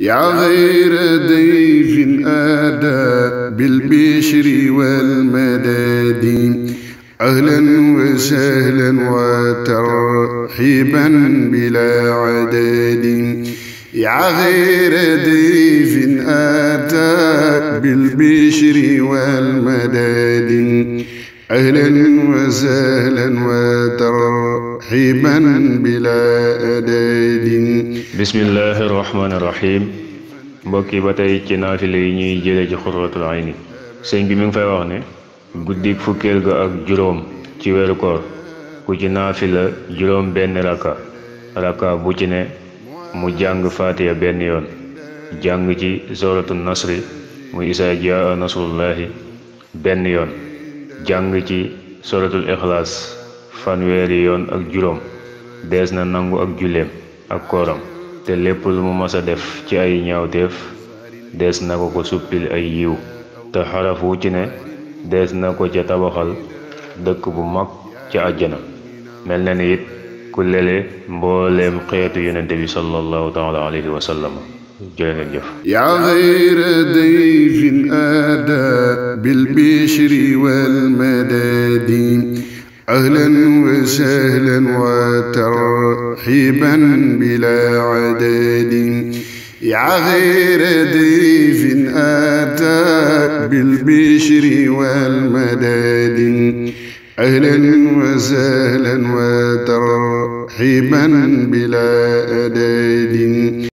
yaa xayra dayfin aadaa bil bishri wal madaadi ahlan wa sahlan wa tarxiiban bilaa adadi yaa xayra dayfin aadaa bil bishri wal madaadi ahlan wa sahlan wa مرحبا بلا أداد بسم الله mbokk yi ba tey ci naafile yi ñuy jëlee ci xurratul ayni sëñ bi mu ngi fay wax ne guddik fukkeel ga ak juróom ci weeru koor ku ci naafila juróom benn rakka rakka bu ci ne mu jàng faatiya benn yoon jàng ci suratul nasri mu isaa jaa nasrullahi benn yoon jàng ci suratul ixlaas fanweeri yoon ak juróom dees na nangu ak julleem ak kooram te lépp lu mu mës a def ci ay ñaawteef dees na ko ko suppil ay yiw te xaraf wu ci ne dees na ko ca tabaxal dëkk bu mag ca àjjana mel na ni it ku lele mbooleem xeetu yonente bi sallallahu taala alayhi wa sallam ahlan wa sahlan wa tarxiban bila adadin yaa xayra dayfin ataa bil bishri wal madadi ahlan wa sahlan wa tarxiban bila adadin